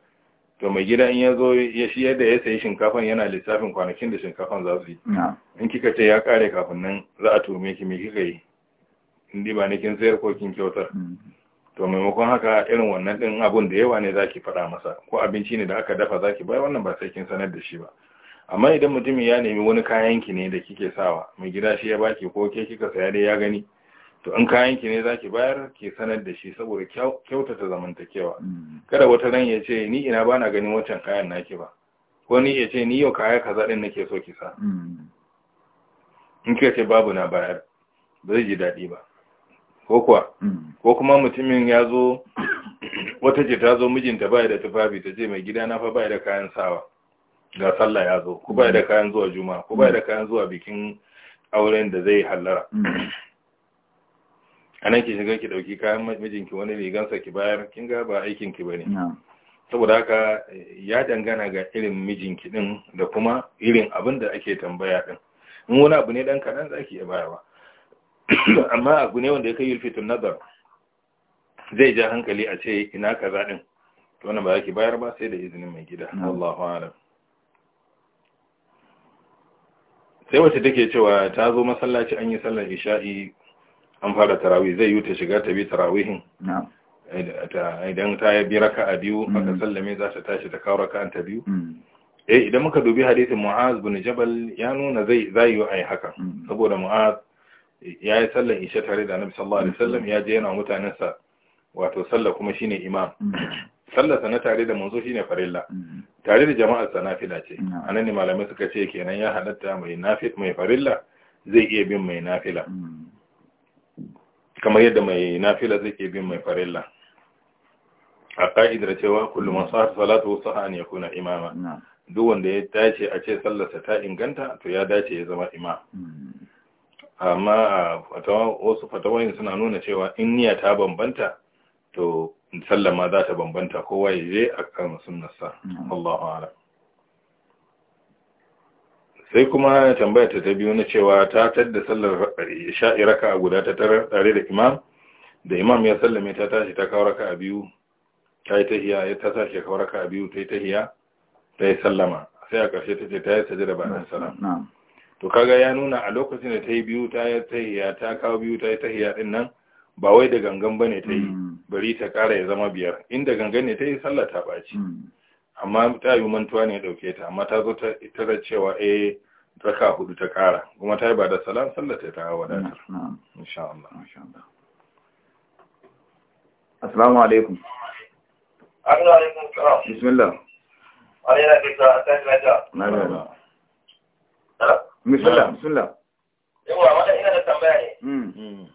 to mai gida in ya zo ya shi yadda ya sayi shinkafan yana lissafin kwanakin da shinkafan za su yi in kika ce ya kare kafin nan za a tume ki me kika yi in ɗiba ne kin sayar ko kin kyautar mm. to maimakon haka irin wannan din abun da yawa ne za ki faɗa masa ko abinci ne da aka dafa za ki bayar wannan ba sai kin sanar da shi ba amma idan mutumin ya nemi wani kayan ki ne da kike sawa mai gida shi ya baki ko ke kika saya dai ya gani to in kayan ki ne zaki bayar ki sanar da shi saboda kyautata zamantakewa mm. kada wata ran ya ce ni ina bana ganin wancan kayan naki ba ko ni ya ce ni yau kaya kaza din nake so ki sa mm. in kika ce babu na bayar ba zai ji daɗi ba ko kuwa mm. ko kuma mutumin ya zo wata ce ta zo mijinta baya da tufafi ta ce mai gida na fa baya da kayan sawa ga sallah ya zo ku baya da kayan zuwa juma'a ku baya da kayan zuwa bikin auren da zai hallara anan ki shiga ki dauki kayan mijinki wani rigansa ki bayar kin ga ba aikin ki bane saboda haka eh, ya dangana ga irin mijinki din da kuma irin abin da ake tambaya din in wani abu ne dan kadan zaki iya bayarwa amma abu ne wanda ya kai yulfitun nazar zai ja hankali a ce ina kaza din to wannan ba zaki bayar ba sai da izinin mai gida Allahu a'lam sai wace take cewa ta zo masallaci an yi sallar isha'i an fara tarawih zai yi ta shiga ta bi tarawihin idan ta bi raka'a biyu mm. aka sallame za ta tashi ta kawo raka'an ta biyu mm. eh idan muka dubi hadisin Mu'az bin Jabal ya nuna zai zai ai haka mm. saboda Mu'az ya yi sallan isha tare da Annabi sallallahu alaihi wasallam ya je yana mutanen sa wato sallah kuma shine imam sallar sana na tare da manzo shine farilla tare da jama'ar sa nafila ce anan ne malamai suka ce kenan ya halatta mai nafil mai farilla zai iya bin mai nafila kamar yadda mai nafila zai ke bin mai farilla a ka'idar cewa kullum masu salatu wasu an ya kuna imama duk wanda ya dace a ce sallarsa ta inganta to ya dace ya zama ima. Hmm. amma wasu fatawayin suna nuna cewa in niyya ta bambanta to sallama za ta bambanta kowa ya je a kan sunnarsa hmm. Allah sai kuma tambayar ta biyu na cewa ta tadda sallar Iraka a guda ta tare da imam da imam ya sallame ta tashi ta kawo a biyu ta yi tahiya ya ta tashi kawo a biyu ta yi tahiya ta yi sallama sai a ƙarshe ta ce ta yi sajira ba da salam to kaga ya nuna a lokacin da ta yi biyu ta yi tahiya ta kawo biyu ta yi tahiya din nan ba wai da gangan bane ta yi mm. bari ta ƙara ya zama biyar inda gangan ne ta yi sallah ta ɓaci mm. amma ta yi mantuwa ne ya ɗauke ta amma ta zo ta itarar cewa eh raka hudu ta kara kuma ta yi ba da salam sallata ta wadatar assalamu alaikum alaikum salam bismillah na bismillah bismillah yawa ina da tambaya ne hmm. Hmm.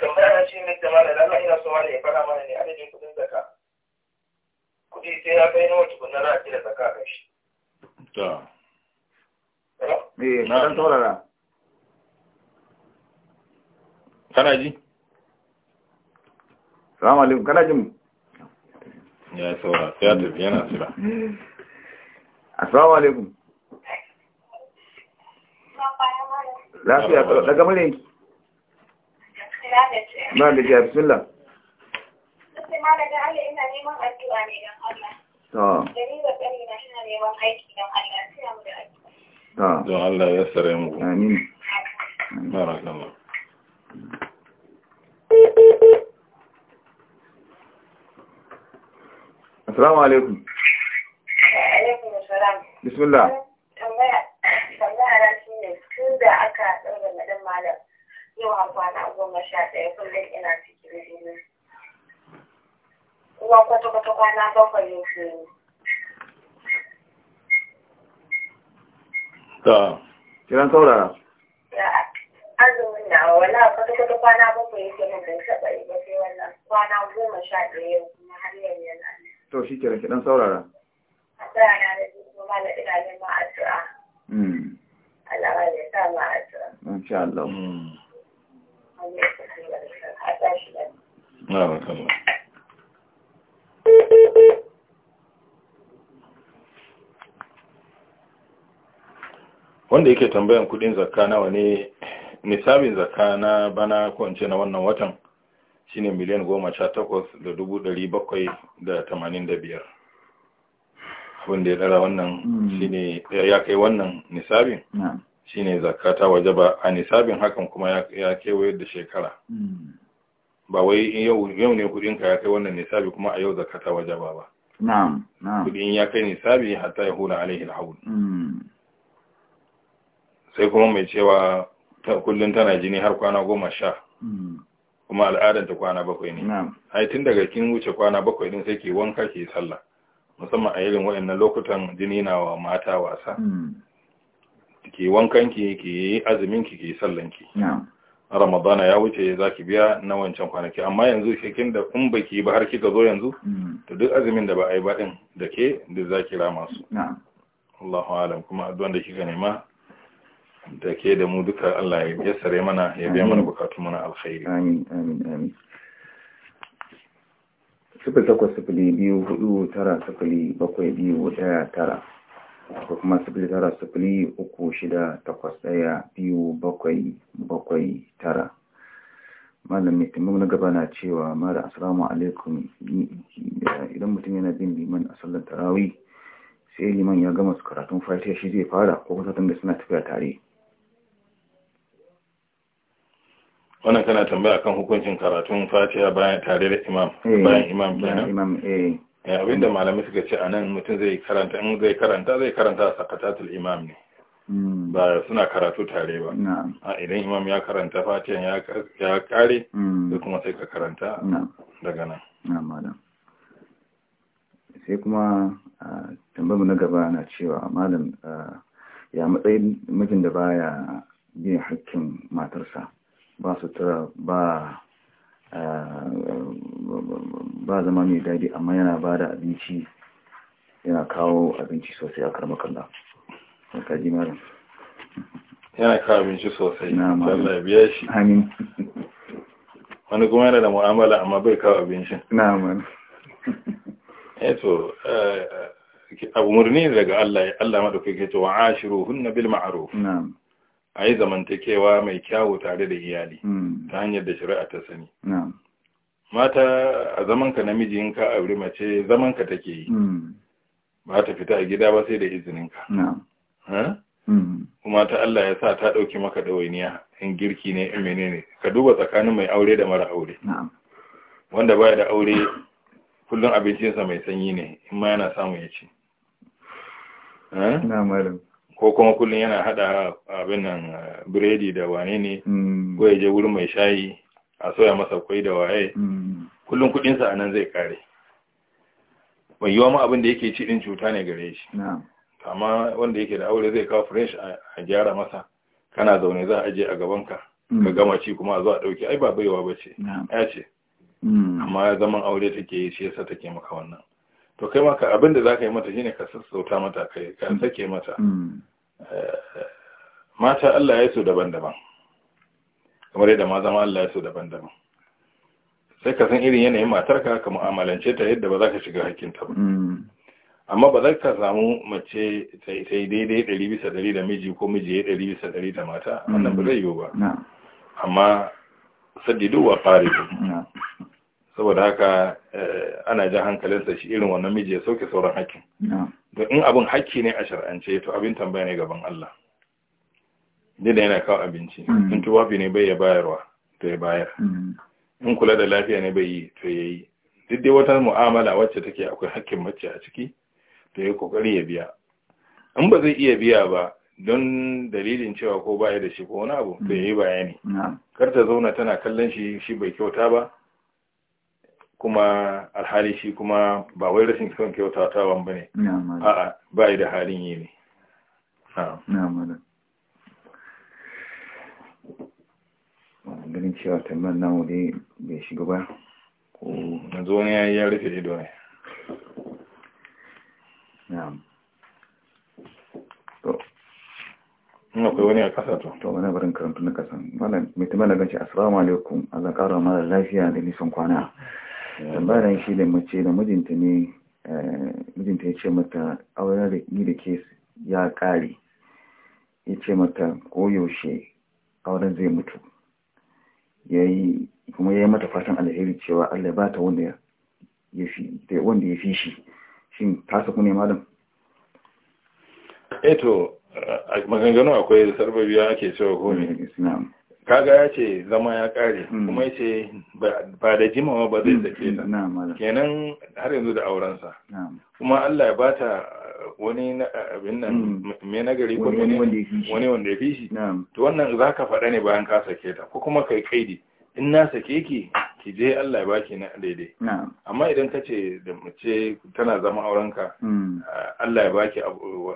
tambaya na shi ne kamar da ina so wani ya fara mana ne adadin kudin kuɗi sai ya kai nawa tukunna na a da tsaka a shi. To. Eh, na dan taurara. Kana ji? Salamu alaikum, kana ji mu? Ya yi saura, sai ya tafi yana sira. Assalamu alaikum. Lafiya, daga mulinki. da gajiya, bismillah. don Allah ya tsare mu amin barakallah assalamu alaikum alaikum assalam bismillah tambaya tambaya ne, tun da aka daura ɗan malam yau an kwana goma sha ɗaya kullum ina cikin jini kuma kwata-kwata kwana bakwai yake yi. Ta, kiran saurara. Azumin wala kwata kwana nan yi wannan kwana goma sha ɗaya kuma har To shi kiran kiɗan saurara. A tsaya na na ina neman hmm. Allah ba ya sa ma wanda yake tambayan kudin zakka nawa ne nisabin zakka na bana ko na wannan watan shine miliyan goma sha takwas da dubu ɗari bakwai da tamanin da biyar wanda ya ɗara wannan hmm. shine ya kai wannan nisabin shine zakka ta waje ba a nisabin hakan kuma ya kewaye da shekara hmm. ba wai yau ne kudinka ya kai wannan nisabi kuma a yau zakka ta waje ba ba kudin ya kai nisabi hatta ya hula alaihi alhaul hmm. sai kuma mai cewa kullum tana jini har kwana goma sha hmm. kuma al'adar ta kwana bakwai ne ai tun daga kin wuce kwana bakwai din sai ke wanka ke sallah musamman a irin na lokutan jini na wa mata wasa hmm. ke wankan ki ke yi azumin ki ke sallan ki ramadana ya wuce za ki biya na wancan kwanaki amma yanzu shekin da in baki ba har kika zo yanzu hmm. to duk azumin da ba a yi ba din da ke duk za ki rama su addu'an da kika nema da ke da mu duka Allah ya sare mana ya biya mana bukatun mana alkhairi amin amin amin sifili takwas sifili biyu hudu tara sifili bakwai biyu daya tara ko kuma sifili tara sifili uku shida takwas daya biyu bakwai bakwai tara malam mai na gaba na cewa mara asalamu alaikum idan mutum yana bin liman a sallar sai liman ya gama su karatun fatiha shi zai fara ko kusa tun da suna tafiya tare wannan kana tambaya kan hukuncin karatun fatiha bayan tare da imam eh, bayan imam kenan imam eh. eh abinda malamai suka ce anan mutum zai karanta in zai karanta zai karanta sakatatul imam ne hmm. ba suna karatu tare ba a idan imam ya karanta fatiha ya kare hmm. sai kuma sai ka karanta daga nan malam sai kuma tambayar na gaba na cewa malam ya matsayin mijin da baya bin hakkin matarsa ba sutura ba eh, ba zama mai daɗi amma yana ba da abinci yana kawo abinci sosai a karmakalla ka ji mara yana kawo abinci sosai Allah ya biya shi amin wani kuma yana da mu'amala amma bai kawo abinci na'am eto eh eh, abu murni daga Allah Allah kuke to wa hunna bil ma'ruf na'am a yi zamantakewa mai kyawu tare da iyali hmm. ta hanyar da shari'a ta sani mata a zamanka namiji in ka auri mace zamanka take yi hmm. ba ta fita a gida ba sai da izininka hmm. kuma ta Allah ya sa ta ɗauki maka ɗawainiya in girki ne in menene ka duba tsakanin mai aure da mara aure wanda baya da aure kullum abincinsa mai sanyi ne in ma yana samu ya ci ko kuma kullum yana hada abin nan eh, biredi da wane ne mm. ko ya je wurin mai shayi a soya masa kwai da waye mm. kullum kudinsa a nan zai kare mai yiwa ma abin da yake ci din cuta ne gare shi amma wanda yake da aure zai kawo fresh a gyara masa kana zaune za a je a gabanka mm. ka gama ci kuma a zo a dauki ai ba baiwa ba ce ya ce amma zaman aure take yi shi yasa take maka wannan to kai maka abin da za ka yi mata shine ka sassauta mata kai ka sake mata mata Allah ya so daban-daban kamar yadda ma zama Allah ya so daban-daban sai ka san irin yanayin matarka ka mu'amalance ta yadda ba za ka shiga hakkinta ba mm. amma ba za ka samu mace ta yi daidai ɗari bisa ɗari da miji ko miji ya ɗari bisa ɗari da mata wannan ba mm. zai yiwu ba amma sadidu wa faridu saboda haka eh, ana jan hankalinsa shi irin wannan miji ya sauke sauran hakkin da in abin hakki ne a shar'ance to abin tambaya ne gaban Allah dida yana kawo abinci hmm. in tufafi ne bai ya bayarwa to ya bayar hmm. in kula da lafiya ne bai yi to ya yi duk dai wata mu'amala wacce take akwai hakkin mace a ciki to ya kokari ya biya in ba zai iya biya ba don dalilin cewa ko baya da shi ko wani abu to ya yi bayani kar ta zauna tana kallon shi shi bai kyauta ba kuma alhali shi kuma ba wai rashin son kyautatawan ba ne a'a ba da halin yi ne ganin cewa tambar namu dai bai shiga ba ko na wani ya yi ya rufe ido ne na'am to ina kai wani a kasa to to wani barin karanta na kasan mai tambar da ganci asalamu alaikum Allah kara mara lafiya da nisan kwana bayan eh, shi da mace da mijinta ne eh, mijinta ya ce mata auren da ni da ke ya ƙare ya ce mata koyaushe auren zai mutu ya yi kuma ya yi mata fatan alheri cewa Allah ba ta wanda ya fi shi shin tasa ku ne malam eto eh maganganu akwai sarbabiya ake cewa ko ne kaga ya ce zama ya kare hmm. kuma ya ce ba da jimawa ba zai hmm. sake ta kenan har yanzu da aurensa kuma Allah ya bata wani abin nan hmm. mai nagari ko wani wanda ya fi shi to wannan za ka faɗa ne bayan ka sake ta ko kuma kai kaidi in na sake ki ki je Allah ya baki na daidai amma idan ka ce da mace tana zama aurenka Allah ya baki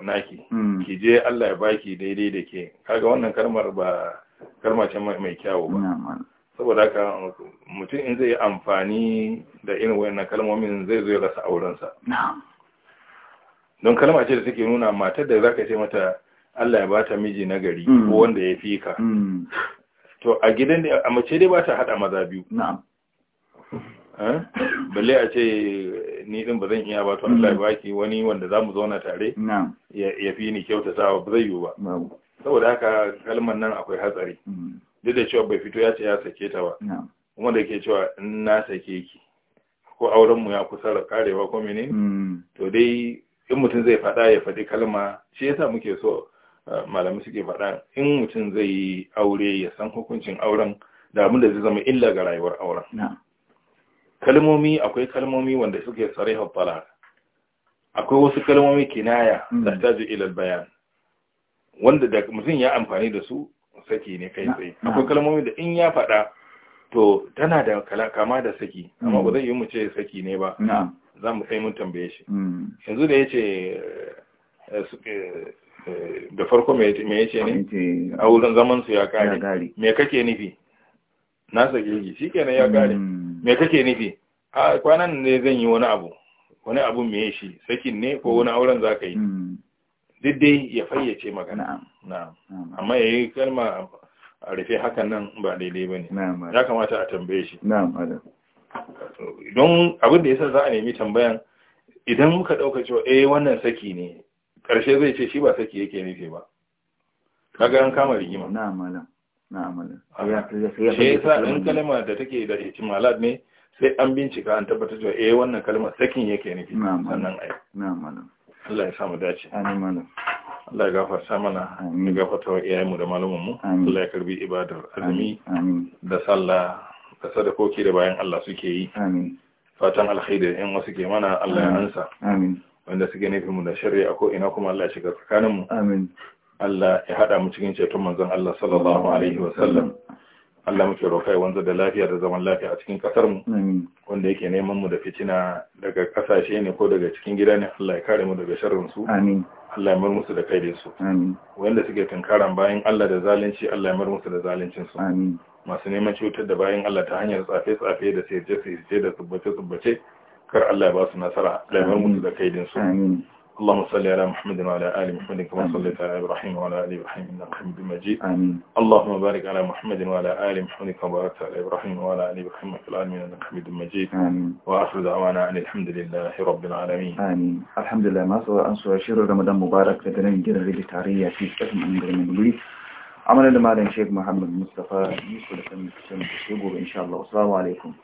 naki ki je Allah ya baki daidai da ke kaga wannan kalmar ba kalma ce mai kyawu ba saboda haka mutum in zai yi amfani da irin wayannan kalmomin zai zo ya rasa aurensa don kalma ce da take nuna matar da zaka ce mata Allah ya bata miji na gari mm. ko wanda ya fi ka mm. to a gidan da a mace dai bata hada maza biyu na'am eh? balle a ce ni din bazan zan iya ba to Allah ya mm. baki wani wanda zamu zauna tare na'am ya fi ni kyautatawa ba zai yiwu ba saboda haka kalmar nan akwai hatsari hmm. duk da cewa bai fito ya ce ya sake ta ba kuma da ke cewa in na sake ki ko auren mu ya kusa da karewa ko mene hmm. to dai in mutum zai faɗa ya faɗi kalma shi yasa muke so eh, malamai suke faɗa in mutum zai yi aure ya san hukuncin auren da abin da zai zama illa ga rayuwar auren kalmomi akwai kalmomi wanda suke sarai hafala akwai wasu kalmomi kinaya da hmm. ta ji ilal bayan wanda da mutum ya amfani da su saki ne kai tsaye akwai kalmomi da in ya faɗa to tana da kama da saki amma mm. ba zai yi mu ce saki ne ba za mu kai mun tambaye shi mm. yanzu da ya ce eh, eh, eh, da farko me ya ce ne a wurin zaman su ya kare me kake nufi na sake shi shikenan ya kare mm. me kake nufi a kwanan ne zan yi wani abu wani abu me shi sakin ne ko wani auren za ka yi Daidai ya fayyace magana amma ya yi kalma a rufe hakan nan ba daidai ba ne ya kamata a tambaye shi don abin da yasa za a nemi tambayan idan muka ɗauka cewa eh wannan saki ne ƙarshe zai ce shi ba saki yake nufi ba kaga an kama rigima na'am malam na'am ɗan kalma da take da ihtimalat ne sai an bincika an tabbatar cewa eh wannan kalma sakin yake nufi sannan ai Allah ya samu dace amin Allah ya gafarta mana ya gafarta wa iyayenmu da malumanmu Allah ya karbi ibadar azumi da sallah da sadakoki da bayan Allah suke yi Amin. fatan alkhairi da yan wasu ke mana Allah ya ansa Amin. wanda suke nufin mu da shari'a a ko ina kuma Allah ya shiga tsakaninmu amin Allah ya haɗa mu cikin ceton manzon Allah sallallahu alaihi wa sallam Allah muke roƙa ya wanzu da lafiya da zaman lafiya a cikin ƙasar mu wanda yake neman mu da fitina daga ƙasashe ne ko daga cikin gida ne Allah ya kare mu daga sharrin su amin Allah ya mar musu da kaidin su amin wanda suke tunkaran bayan Allah da zalunci Allah ya mar musu da zaluncin su amin masu neman cutar da bayan Allah ta hanyar tsafe tsafe da sirje sirje da tsubbace tsubbace kar Allah ya ba su nasara Allah ya mar musu da kaidin su amin اللهم صل على محمد وعلى آل محمد كما صليت على إبراهيم وعلى آل إبراهيم إنك حميد مجيد آمين اللهم بارك على محمد وعلى آل محمد كما باركت على إبراهيم وعلى آل إبراهيم في العالمين إنك حميد مجيد آمين وآخر دعوانا أن الحمد لله رب العالمين آمين الحمد لله ما سوى أن سوى رمضان مبارك لدينا من جنة لتعرية في اسم أمير المؤمنين عملنا مع الشيخ محمد مصطفى يوسف الشيخ وإن شاء الله والسلام عليكم